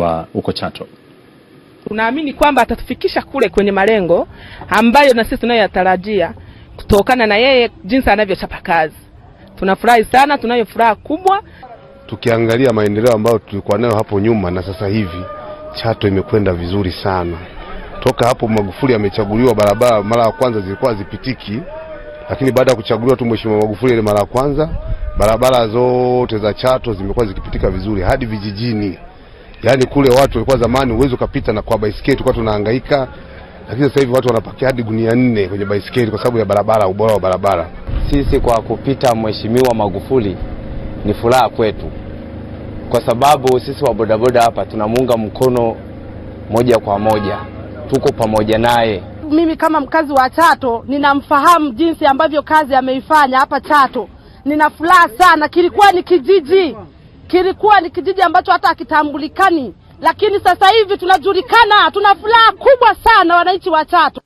wa huko Chato. Tunaamini kwamba atatufikisha kule kwenye malengo ambayo na sisi tunayoyatarajia kutokana na yeye jinsi anavyochapa kazi. Tunafurahi sana, tunayo furaha kubwa tukiangalia maendeleo ambayo tulikuwa nayo hapo nyuma na sasa hivi Chato imekwenda vizuri sana. Toka hapo Magufuli amechaguliwa, barabara mara ya kwanza zilikuwa hazipitiki, lakini baada ya kuchaguliwa tu Mheshimiwa Magufuli ile mara ya kwanza, barabara zote za Chato zimekuwa zikipitika vizuri hadi vijijini. Yaani kule watu walikuwa zamani uwezo ukapita na kwa baisikeli tulikuwa tunahangaika, lakini sasa hivi watu wanapakia hadi gunia nne kwenye baisikeli kwa sababu ya barabara, ubora wa barabara. Sisi kwa kupita Mheshimiwa Magufuli ni furaha kwetu, kwa sababu sisi wa bodaboda hapa tunamuunga mkono moja kwa moja, tuko pamoja naye. Mimi kama mkazi wa Chato ninamfahamu jinsi ambavyo kazi ameifanya hapa Chato, nina furaha sana, kilikuwa ni kijiji kilikuwa ni kijiji ambacho hata hakitambulikani, lakini sasa hivi tunajulikana, tuna furaha kubwa sana wananchi wa Chato.